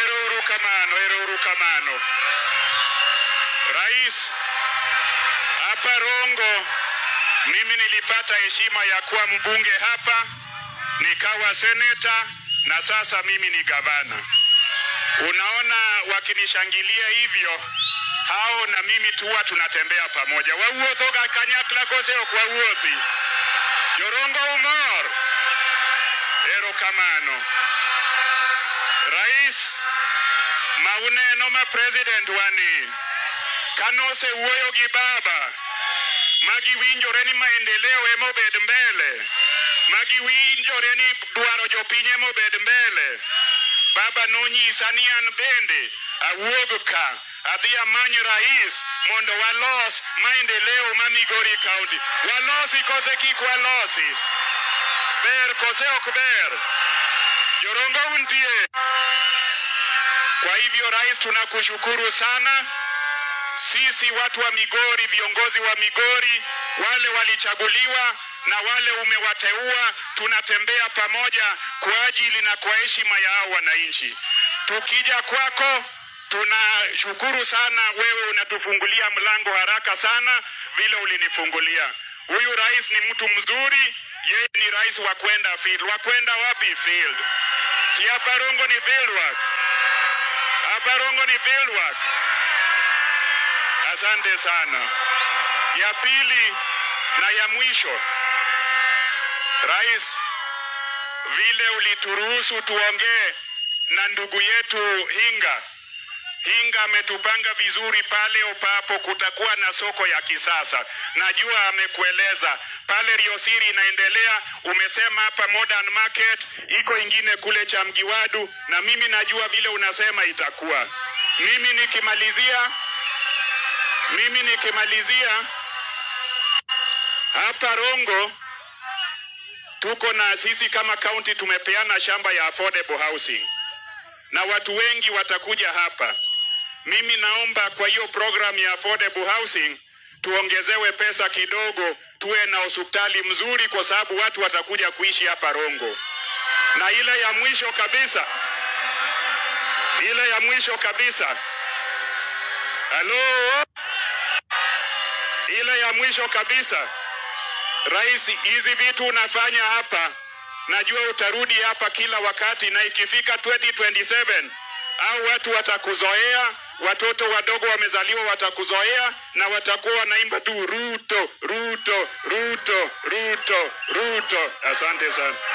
Ero uru kamano, ero uru kamano. Rais hapa Rongo, mimi nilipata heshima ya kuwa mbunge hapa, nikawa seneta na sasa mimi ni gavana. Unaona, wakinishangilia hivyo hao na mimi tuwa tunatembea pamoja wawuotho gakanyakla kose ok wawuothi jorongo umor erokamano rais mauneno ma president wani kanosewuoyo gi baba magiwinjore ni maendeleo emobed mbele magiwinjore ni dwaro jopiny emobed mbele baba nonyisa ni an bende awuog ka adhi amany rais mondo walos maendeleo ma migori county walosi kose kik walosi ber kose ok ber, Jorongo untie. Kwa hivyo rais, tunakushukuru sana. Sisi watu wa Migori, viongozi wa Migori, wale walichaguliwa na wale umewateua, tunatembea pamoja kwa ajili na kwa heshima ya hao wananchi. Tukija kwako tunashukuru sana, wewe unatufungulia mlango haraka sana vile ulinifungulia. Huyu rais ni mtu mzuri. Yeye ni rais wa kwenda field. Wa kwenda wapi field? Si hapa Rongo ni field work. Hapa Rongo ni field work. Asante sana. Ya pili na ya mwisho, Rais, vile ulituruhusu tuongee na ndugu yetu Hinga Hinga ametupanga vizuri pale Opapo, kutakuwa na soko ya kisasa. Najua amekueleza pale Riosiri inaendelea, umesema hapa Modern Market iko ingine kule Chamgiwadu, na mimi najua vile unasema itakuwa. Mimi nikimalizia, mimi nikimalizia hapa Rongo tuko na sisi kama kaunti tumepeana shamba ya affordable housing na watu wengi watakuja hapa. Mimi naomba kwa hiyo program ya affordable housing tuongezewe pesa kidogo, tuwe na hospitali mzuri, kwa sababu watu watakuja kuishi hapa Rongo. Na ile ya mwisho kabisa, ile ya mwisho kabisa, halo, ile ya mwisho kabisa, Rais, hizi vitu unafanya hapa, najua utarudi hapa kila wakati, na ikifika 2027 au watu watakuzoea, watoto wadogo wamezaliwa watakuzoea na watakuwa wanaimba tu Ruto, Ruto, Ruto, Ruto, Ruto. Asante sana.